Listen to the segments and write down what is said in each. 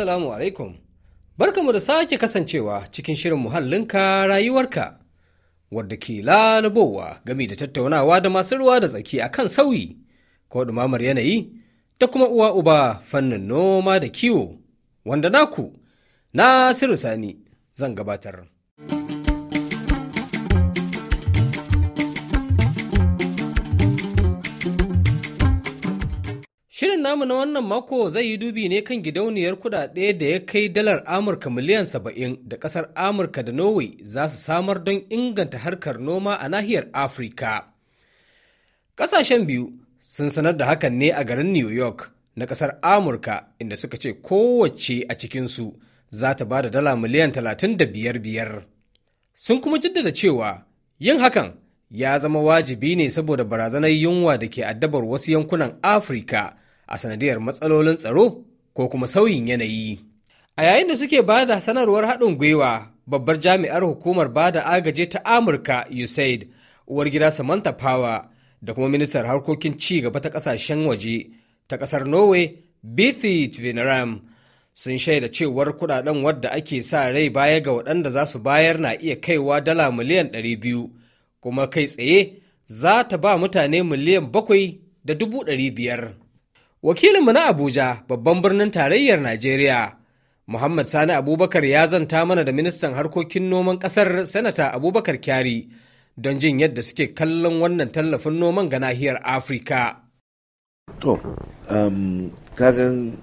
Assalamu alaikum. mu da sake kasancewa cikin shirin muhallinka rayuwarka, wadda ke lalubowa gami da tattaunawa da masu ruwa da tsaki a kan sauyi, ko ɗumamar yanayi, da kuma uwa uba fannin noma da kiwo, wanda naku, Nasiru Sani zan gabatar. Shirin namu na wannan mako zai yi dubi ne kan gidauniyar kudade da ya kai dalar Amurka miliyan saba'in da kasar Amurka da Norway za su samar don inganta harkar noma a nahiyar Afirka. Kasashen biyu sun sanar da hakan ne a garin New York na kasar Amurka inda suka ce kowace a cikinsu za ta ba da dala miliyan talatin da biyar biyar. Sun kuma jaddada cewa yin hakan ya zama wajibi ne saboda barazanar yunwa da ke addabar wasu yankunan Afirka a sanadiyar matsalolin tsaro ko kuma sauyin yanayi. A yayin da suke ba da sanarwar haɗin gwiwa, babbar jami'ar hukumar ba da agaje ta Amurka USAID, uwar gida Samantha Power da kuma ministar harkokin ci gaba ta ƙasashen waje ta ƙasar Norway, Bithi Veneram, sun shaida cewar kudaden wadda ake sa rai baya ga waɗanda za su bayar na iya kaiwa dala miliyan ɗari biyu kuma kai tsaye za ta ba mutane miliyan bakwai da dubu ɗari biyar. Wakilinmu na Abuja, babban birnin tarayyar Najeriya, Muhammad Sani Abubakar ya zanta mana da ministan harkokin noman ƙasar Sanata Abubakar Kyari don jin yadda suke kallon wannan tallafin noman ga nahiyar Afirka. To, um, kagan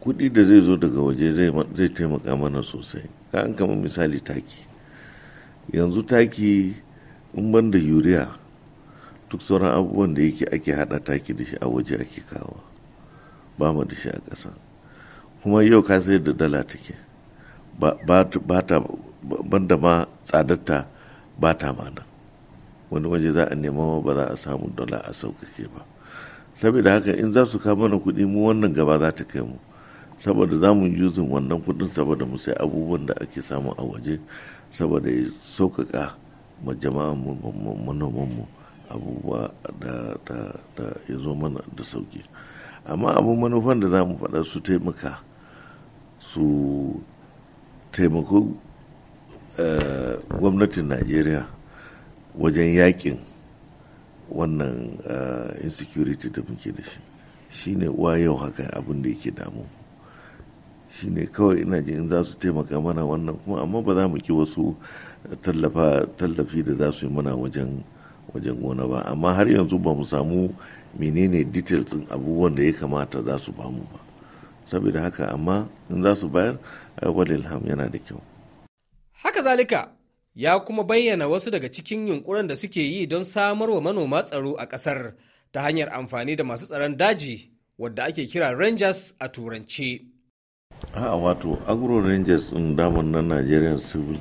kuɗi da zai zo daga waje zai taimaka mana sosai. Kagan kamar misali taki. Yanzu taki in banda da yuriya duk sauran abubuwan da yake ake haɗa taki da shi a waje ake kawo. ba mu da shi a ƙasa kuma yau ka sai da dala take ba ta banda ma tsadarta ba ta ma wani waje za a nema ba za a samu dala a sauƙaƙe ba saboda haka in za su kama mana kuɗi mu wannan gaba za ta kai mu saboda za mu yuzin wannan kuɗin saboda mu sai abubuwan da ake samu a waje saboda ya sauƙaƙa ma jama'a manoman mu abubuwa da ya zo mana da sauƙi. amma abin manufan da za mu faɗa su taimaka su taimako eh, gwamnatin najeriya wajen yakin wannan eh, insecurity da muke da shi shine uwa yau haka abin da yake damu shine kawai ina jin za su taimaka mana wannan kuma amma ba za mu ki wasu tallafi da za su yi mana wajen gona ba amma har yanzu ba mu samu menene details din abubuwan da ya kamata za su bamu ba saboda haka amma in za su bayar aiwal ilham yana da kyau haka zalika ya kuma bayyana wasu daga cikin yunkurin da suke yi don samar wa manoma tsaro a ƙasar ta hanyar amfani da masu tsaron daji wadda ake kira rangers a turance a wato agro rangers din damar na nigerian civil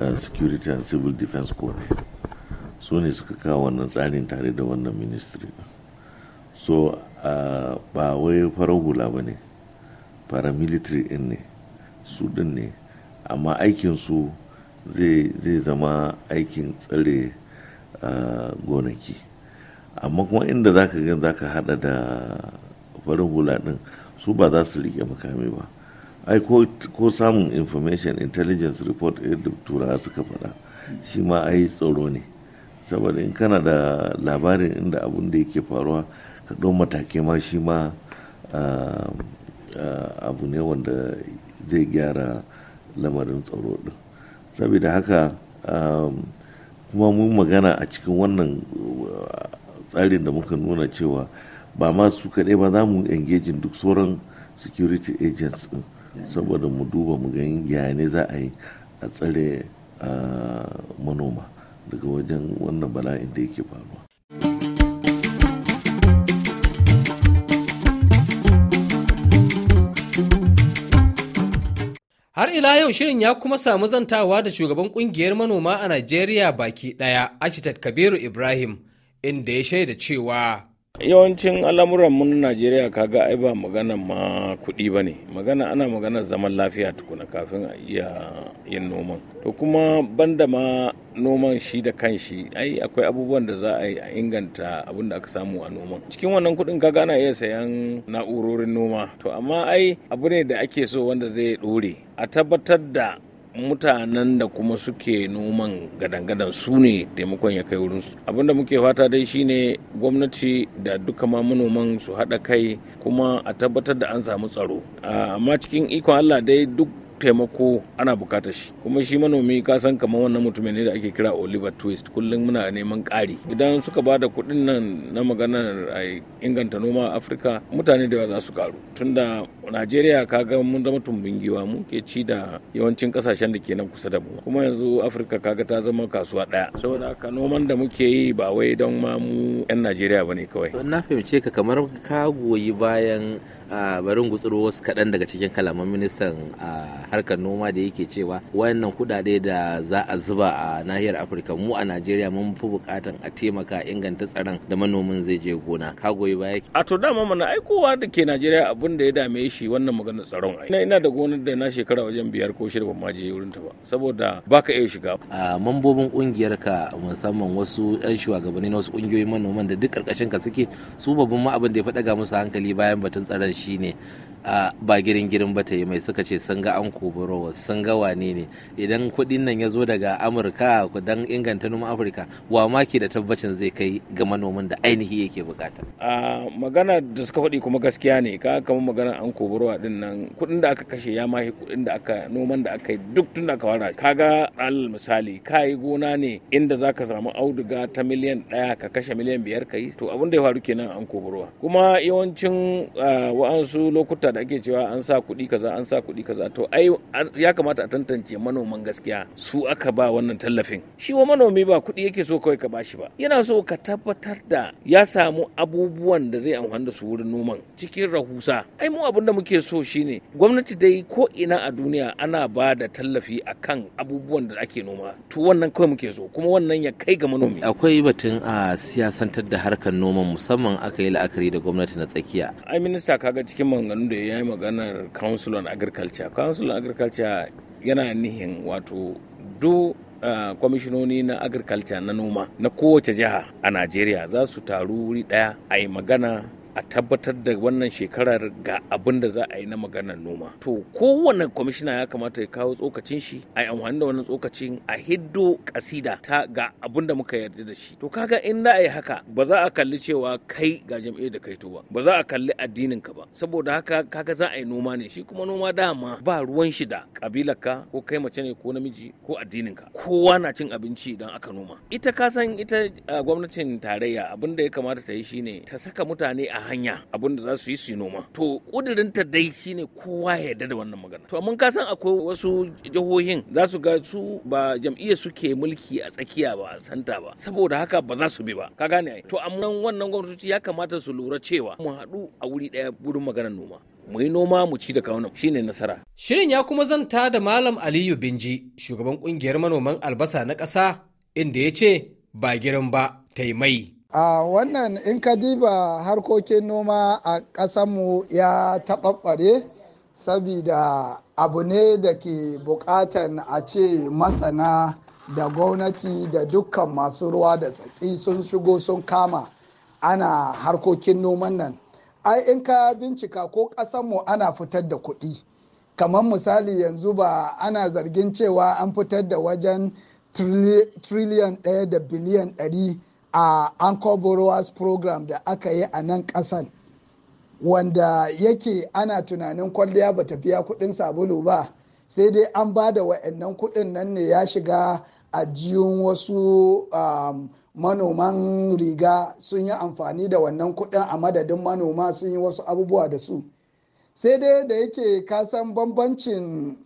eh, security and civil defense corps su ne suka kawo wannan tsarin tare da wannan ministry so ba wai farar hula ba ne paramilitary din ne su din ne amma aikinsu zai zama aikin tsare gonaki amma kuma inda za ka gan za ka hada da farin hula din su ba za su rike makami ba ai ko samun information intelligence report da turawa suka faɗa shi ma ai tsaro ne saboda in kana da labarin inda abun da yake faruwa ka ɗau matakai ma shi ma abu ne wanda zai gyara lamarin tsaro ɗin saboda haka kuma mun magana a cikin wannan tsarin da muka nuna cewa ba ma su kaɗai ba za mu engaging duk sauran security agents ɗin saboda mu duba mu gani ya ne za a yi a tsare manoma daga wajen wannan bala'in da yake faruwa ila yau shirin ya kuma samu zantawa da shugaban kungiyar manoma a Najeriya baki ɗaya, Architect Kabiru Ibrahim, inda ya shaida cewa yawancin al'amuran mun najeriya kaga ai ba magana ma kuɗi ba ne magana ana magana zaman lafiya tukuna kafin a iya yin noman to kuma banda ma noman shi da kanshi ai akwai abubuwan da za a inganta abin da aka samu a noman cikin wannan kuɗin kaga ana iya sayan na'urorin noma to amma ai abu ne da ake so wanda zai ɗore a tabbatar da mutanen da kuma suke noman gadangadan su ne taimakon ya kai wurinsu abinda muke fata dai shine gwamnati da duka ma manoman su haɗa kai kuma a tabbatar da an samu tsaro ah, amma cikin ikon allah dai duk taimako ana bukatar shi kuma shi manomi ka san kamar wannan mutumin ne da ake kira Oliver Twist kullum muna neman ƙari idan suka ba da kuɗin nan na maganar inganta noma a Afirka mutane da za su karu tunda Najeriya kaga mun zama tumbin giwa mu ke ci da yawancin kasashen da ke nan kusa da mu kuma yanzu Afirka kaga ta zama kasuwa ɗaya saboda haka noman da muke yi ba wai don ma mu 'yan Najeriya bane kawai na fahimce ka kamar ka goyi bayan barin gutsuro wasu kaɗan daga cikin kalaman ministan a harkar noma da yake cewa wayannan kuɗaɗe da za a zuba a nahiyar afirka mu a najeriya mun fi bukatan a taimaka inganta tsaron da manomin zai je gona ka goyi baya a to dama mana ai kowa da ke najeriya abun da ya dame shi wannan maganar tsaron ai ina da gonar da na shekara wajen biyar ko shida ban ma je wurin ta ba saboda baka iya shiga a mambobin kungiyar ka musamman wasu yan shugabanni na wasu kungiyoyin manoman da duk karkashin ka suke su babban ma abin da ya faɗa ga musu hankali bayan batun tsaron shine ba girin girin ba ta yi mai suka ce sun ga an kuburowa sun ga wane ne idan kuɗin nan ya zo daga amurka don inganta noman afirka wa maki da tabbacin zai kai ga manomin da ainihi yake bukata magana da suka faɗi kuma gaskiya ne ka kamar magana an kuburowa din nan kuɗin da aka kashe ya mahi kuɗin da aka noman da aka yi duk tun da aka fara ga alal misali ka yi gona ne inda zaka samu auduga ta miliyan ɗaya ka kashe miliyan biyar ka yi to abin da ya faru kenan an kuburowa kuma yawancin wa'ansu lokuta da ake cewa an sa kuɗi kaza an sa kuɗi kaza to ai ya kamata a tantance manoman gaskiya su aka ba wannan tallafin shi wa manomi ba kuɗi yake so kawai ka bashi ba yana so ka tabbatar da ya samu abubuwan da zai amfani da su wurin noman cikin rahusa ai mu abin da muke so shine gwamnati dai ko ina a duniya ana ba da tallafi akan abubuwan da ake noma to wannan kawai muke so kuma wannan ya kai ga manomi akwai batun a siyasantar da harkar noman musamman aka yi la'akari da gwamnati na tsakiya ai minista kaga cikin maganganu da ya yi maganar council on agriculture council on agriculture yana nihin wato do ah, kwamishinoni na agriculture na noma na kowace jiha a najeriya za su taru wuri daya a yi magana a tabbatar da wannan shekarar ga abin da za a yi na maganar noma to kowane kwamishina ya kamata ya kawo tsokacin shi a yi amfani da wannan tsokacin a hiddo kasida ta ga abin da muka yarda da shi to kaga in da a yi haka ba za a kalli cewa kai ga jam'iyyar da kai to ba ba za a kalli addinin ka ba saboda haka kaga za a yi noma ne shi kuma noma dama ba ruwan shi da kabilar ka ko kai mace ne ko namiji ko addinin ka kowa na cin abinci idan aka noma ita ka san ita gwamnatin tarayya abin da ya kamata ta yi shine ta saka mutane a hanya abin da za su yi su noma to ta dai shi ne kowa ya yarda da wannan magana to mun ka san akwai wasu jihohin za su ga su ba jam'iyya suke mulki a tsakiya ba a santa ba saboda haka ba za su bi ba ka gane ai to amma wannan gwamnati ya kamata su lura cewa mu haɗu a wuri ɗaya wurin maganar noma mu yi noma mu ci da kaunan shine nasara. Shirin ya kuma zanta da Malam Aliyu Binji, shugaban kungiyar manoman albasa na ƙasa, inda ya ce ba girin ba ta yi mai. a wannan in ka diba harkokin noma a ƙasanmu ya taɓaɓɓare sabida abu ne da ke buƙatan a ce masana da gwamnati da dukkan masu ruwa da tsaki sun shigo sun kama ana harkokin noman nan ai in ka bincika ko ƙasanmu ana fitar da kuɗi kamar misali yanzu ba ana zargin cewa an fitar da wajen triliyan ɗaya da biliyan ɗari a angkor borrowers program da aka yi a nan ƙasan wanda yake ana tunanin kwalliya ba ta biya kuɗin sabulu ba sai dai an ba da wa'annan kuɗin nan ne ya shiga a jiyun wasu um, manoman riga sun yi amfani da wannan kuɗin a madadin manoma sun yi wasu abubuwa da su sai dai da yake kasan bambancin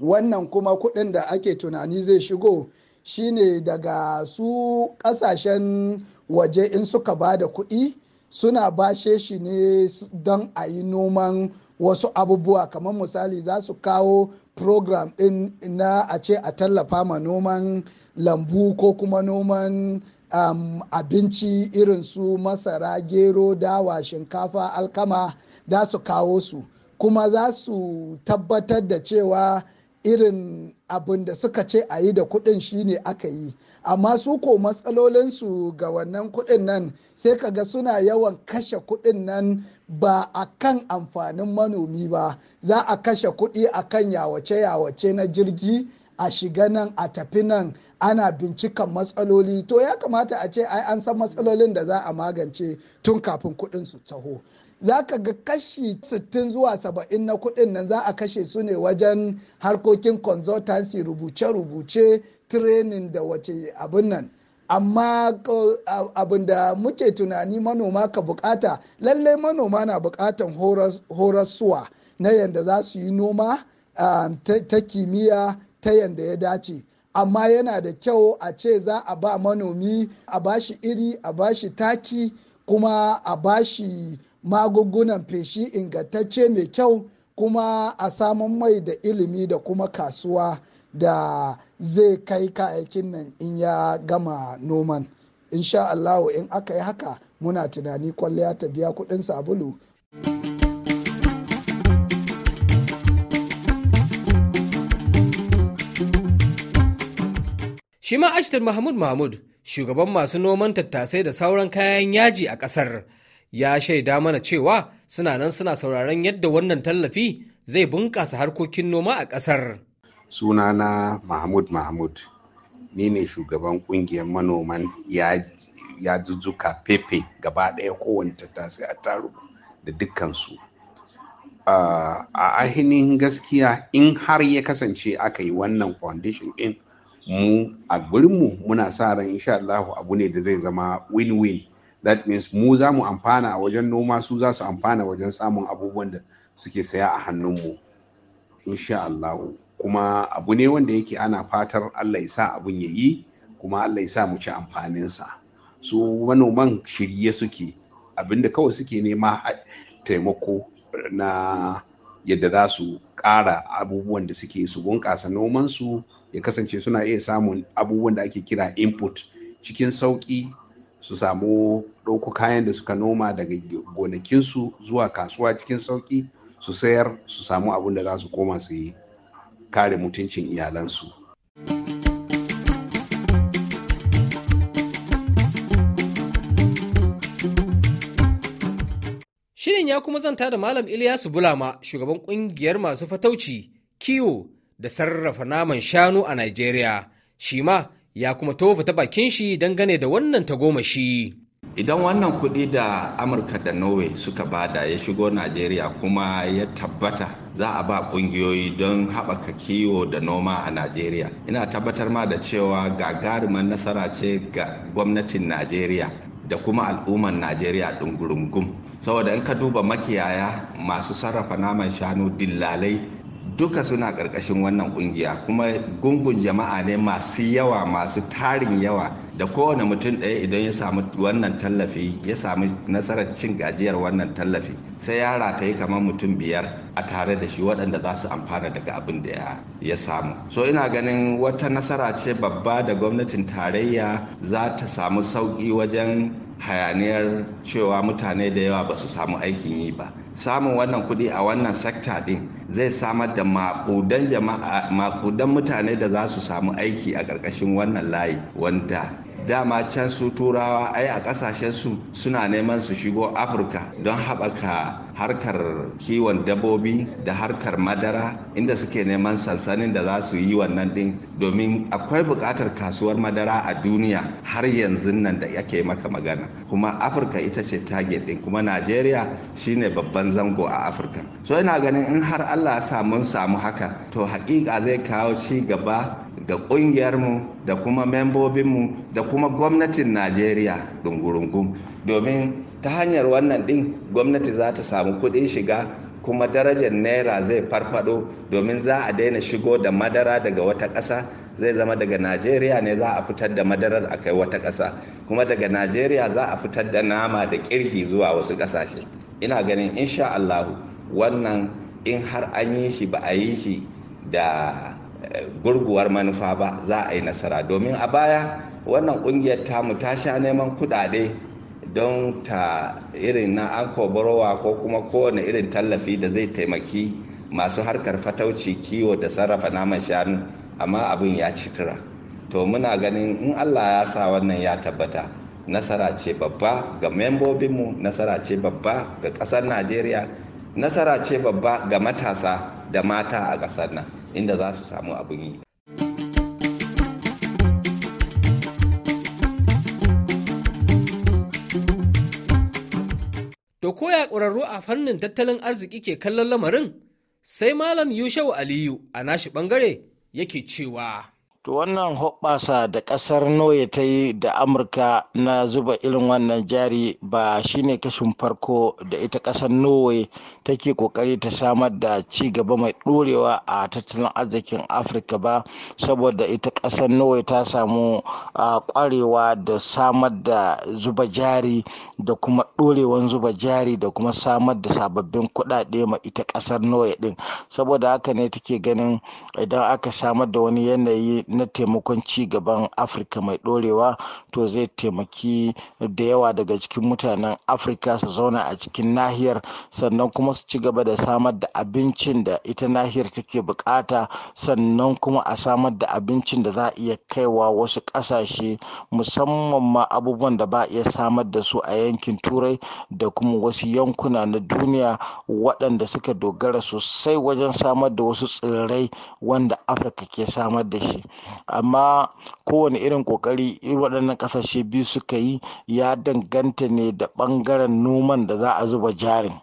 wannan kuma kuɗin da ake tunani zai shigo shine daga su kasashen waje in suka ba da kuɗi suna bashe shi ne don a yi noman wasu abubuwa kamar misali za su kawo program ɗin na a ce a tallafa ma noman lambu ko kuma noman um, abinci irin su masara gero dawa shinkafa alkama za su kawo su kuma za su tabbatar da cewa irin abin da suka ce a yi da kuɗin shine aka yi amma su ko matsalolinsu ga wannan kuɗin nan sai ka ga suna yawan kashe kuɗin nan ba a kan amfanin manomi ba za a kashe kuɗi a kan yawace-yawace na jirgi a shiga nan a tafi nan ana bincikan matsaloli to ya kamata a ce ai an san matsalolin da za a magance tun kafin kuɗin su taho za ka ga kashi 60 zuwa 70 na kuɗin nan za a kashe su ne wajen harkokin consultancy rubuce-rubuce training da wace abin nan amma abin da muke tunani manoma ka bukata lallai manoma na bukatan horasuwa na yadda za su yi noma ta kimiyya ta yadda ya dace amma yana da kyau a ce za a ba manomi a bashi iri a bashi taki kuma a bashi magungunan feshi ingantacce mai kyau kuma a samun mai da ilimi da kuma kasuwa da zai kai kayakin nan in ya gama noman insha Allah in aka yi haka muna tunani kwalliya ta biya kudin sabulu shi ma ashtar mahmud mahmud shugaban masu noman tattasai da sauran kayan yaji a kasar. ya shaida mana cewa suna nan suna sauraron yadda wannan tallafi zai bunƙasa harkokin noma a ƙasar. Sunana Mahmud Mahmud ni ne shugaban ƙungiyar manoman ya jujjuka pepe gaba ɗaya kowane tattasai a taro da dukkansu. a ainihin gaskiya in har ya kasance aka yi wannan foundation ɗin mu a gurinmu muna sa ran insha Allah abu ne da zai zama win-win that means mu za mu amfana a wajen noma su za su amfana wajen samun abubuwan da suke saya a hannunmu insha Allah kuma abu ne wanda yake ana fatar Allah ya sa abun ya yi kuma Allah ya sa mu ci amfaninsa su manoman shirye suke abinda kawai suke nema taimako na yadda za su ƙara abubuwan da suke su bunƙasa su ya kasance suna iya samun abubuwan da ake kira input cikin sauƙi su samu ɗauko kayan da suka noma daga gonakinsu zuwa kasuwa cikin sauƙi su sayar su samu abin da za su koma su yi kare mutuncin iyalansu. Shirin ya kuma zanta da Malam Ilyasu Bulama, shugaban ƙungiyar masu fatauci, kiwo da sarrafa naman shanu a Najeriya. Shi ma ya kuma tofa ta bakin shi dangane da wannan tagomashi. Idan wannan kuɗi da Amurka da Norway suka bada ya shigo Najeriya kuma ya tabbata za a ba ƙungiyoyi don haɓaka kiwo da noma a Najeriya. Ina tabbatar ma da cewa gagarumar nasara ce ga gwamnatin Najeriya da kuma al'ummar Najeriya ɗungurungum. Saboda in ka duba makiyaya masu sarrafa naman shanu dillalai duka suna ƙarƙashin wannan ƙungiya kuma gungun jama'a ne masu yawa masu tarin yawa da kowane mutum ɗaya idan ya samu wannan tallafi ya sami nasarar cin gajiyar wannan tallafi sai ya rataye kamar mutum biyar a tare da shi waɗanda za su amfana daga abin da ya samu so ina ganin wata nasara ce babba da gwamnatin tarayya za ta samu sauƙi wajen hayaniyar cewa mutane da yawa ba su samu aikin yi ba samun wannan kuɗi a wannan sekta ɗin zai samar da makudan makudan mutane da za su samu aiki a ƙarƙashin wannan layi wanda dama can su turawa ai a ƙasashen su suna neman su shigo afirka don haɓaka harkar kiwon dabbobi da harkar madara inda suke neman sansanin da za su yi wannan din domin akwai buƙatar kasuwar madara a duniya har yanzu nan da yake maka magana kuma afirka ita ce target din kuma najeriya shine babban zango a afirka so ina ganin in har allah ya sa mun samu haka to haƙiƙa zai kawo ci gaba ga ƙungiyarmu da kuma membobinmu da kuma gwamnatin najeriya dungurungum domin ta hanyar wannan din gwamnati za ta samu kuɗin shiga kuma darajar naira zai farfado domin za a daina shigo da madara daga wata ƙasa zai zama daga najeriya ne za a fitar da madarar a kai wata ƙasa kuma daga najeriya za a fitar da nama da kirgi zuwa wasu ƙasashe ina ganin insha allahu wannan in har an yi shi ba a yi shi da eh, gurguwar manufa ba za a yi nasara domin a baya wannan kungiyar tamu ta sha neman kuɗaɗe don ta irin na an kobarowa ko kuma kowane irin tallafi da zai taimaki masu harkar fatauci kiwo da sarrafa naman shanu amma abin ya ci tura to muna ganin in allah ya sa wannan ya tabbata nasara ce babba ga membobinmu nasara ce babba ga ƙasar najeriya nasara ce babba ga matasa da mata a ƙasar nan inda za su samu abin yi To koya ƙwararru a fannin tattalin arziki ke kallon lamarin? Sai Malam Yushau Aliyu a nashi ɓangare yake cewa. To wannan hoɓɓasa da ƙasar Noye ta yi da Amurka na zuba irin wannan jari ba shine kashin farko da ita ƙasar Norway take ƙoƙari ta samar da ci gaba mai ɗorewa a tattalin arzikin Afirka ba saboda ita ƙasar Norway ta samu ƙwarewa da samar da zuba jari da kuma ɗorewan zuba jari da kuma samar da sababbin kuɗaɗe ma ita ƙasar Norway ɗin saboda haka ne take ganin idan aka samar da wani yanayi na taimakon ci gaban afirka mai dorewa to zai taimaki da yawa daga cikin mutanen afirka su zauna a cikin nahiyar sannan kuma su ci gaba da samar da abincin da ita nahiyar take bukata sannan kuma a samar da abincin da za a iya kaiwa wasu kasashe musamman ma abubuwan da ba a iya samar da su a yankin turai da kuma wasu yankuna na duniya waɗanda suka dogara sosai wajen samar da wasu tsirrai wanda afirka ke samar da shi amma kowane irin kokari waɗannan ƙasashe biyu suka yi ya danganta ne da ɓangaren noman da za a zuba jarin.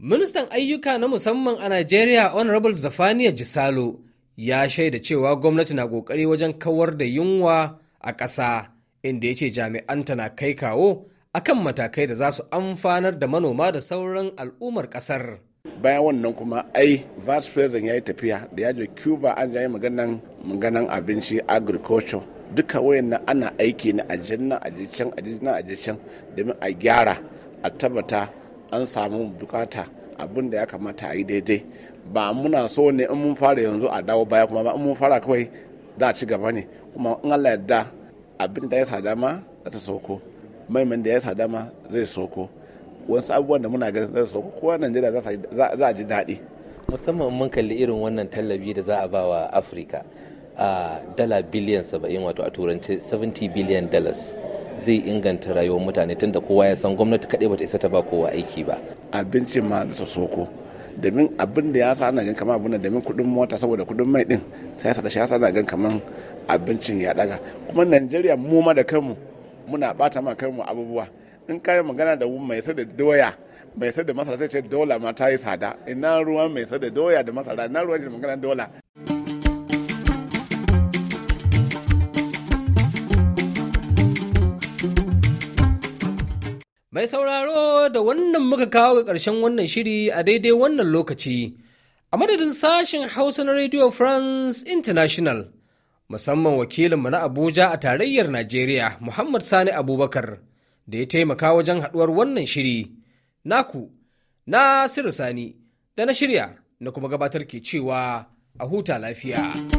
Ministan ayyuka na musamman a Najeriya Honorable Zafaniya Jisalo ya shaida cewa gwamnati na ƙoƙari wajen kawar da yunwa a ƙasa inda ya ce jami'anta na kai kawo akan matakai da za su amfanar da manoma da sauran al'ummar kasar. bayan wannan kuma ai vice president ya yi tafiya da ya je cuba an yi maganan maganan abinci agriculture duka wayannan ana aiki na ajin na can ajin nan domin a gyara a tabbata an samu bukata abin da ya kamata a yi daidai ba muna so ne in mun fara yanzu a dawo baya kuma ba in mun fara kawai za a ci gaba ne kuma in allah yadda abin da ya sa dama za ta sauko maimin da ya sa dama zai soko wasu abubuwan da muna ganin zai soko kowa najeriya za a ji daɗi musamman mun kalli irin wannan tallafi da za a ba wa afirka a dala biliyan saba'in wato a turanci 70 biliyan dollars zai inganta rayuwar mutane tun da kowa ya san gwamnati kaɗai bata isa ta ba kowa aiki ba abincin ma da ta soko domin abin da ya sa ana gan kamar abin domin kuɗin mota saboda kuɗin mai ɗin sai ya sa da shi ya sa ana gan kamar abincin ya ɗaga kuma najeriya mu ma da kanmu muna bata ma mu abubuwa in kai magana da mai sai da doya mai sai da masara sai ce dola ma ta yi tsada ina ruwa mai sai da doya da masara ina ruwa da magana dola Mai sauraro da wannan muka kawo ga ƙarshen wannan shiri a daidai wannan lokaci, a madadin sashen Hausa na Radio France International. musamman wakilinmu na Abuja a tarayyar Najeriya Muhammad Sani Abubakar da ya taimaka wajen haɗuwar wannan shiri. Naku, na Nasiru Sani, da na shirya na kuma gabatar ke cewa a huta lafiya.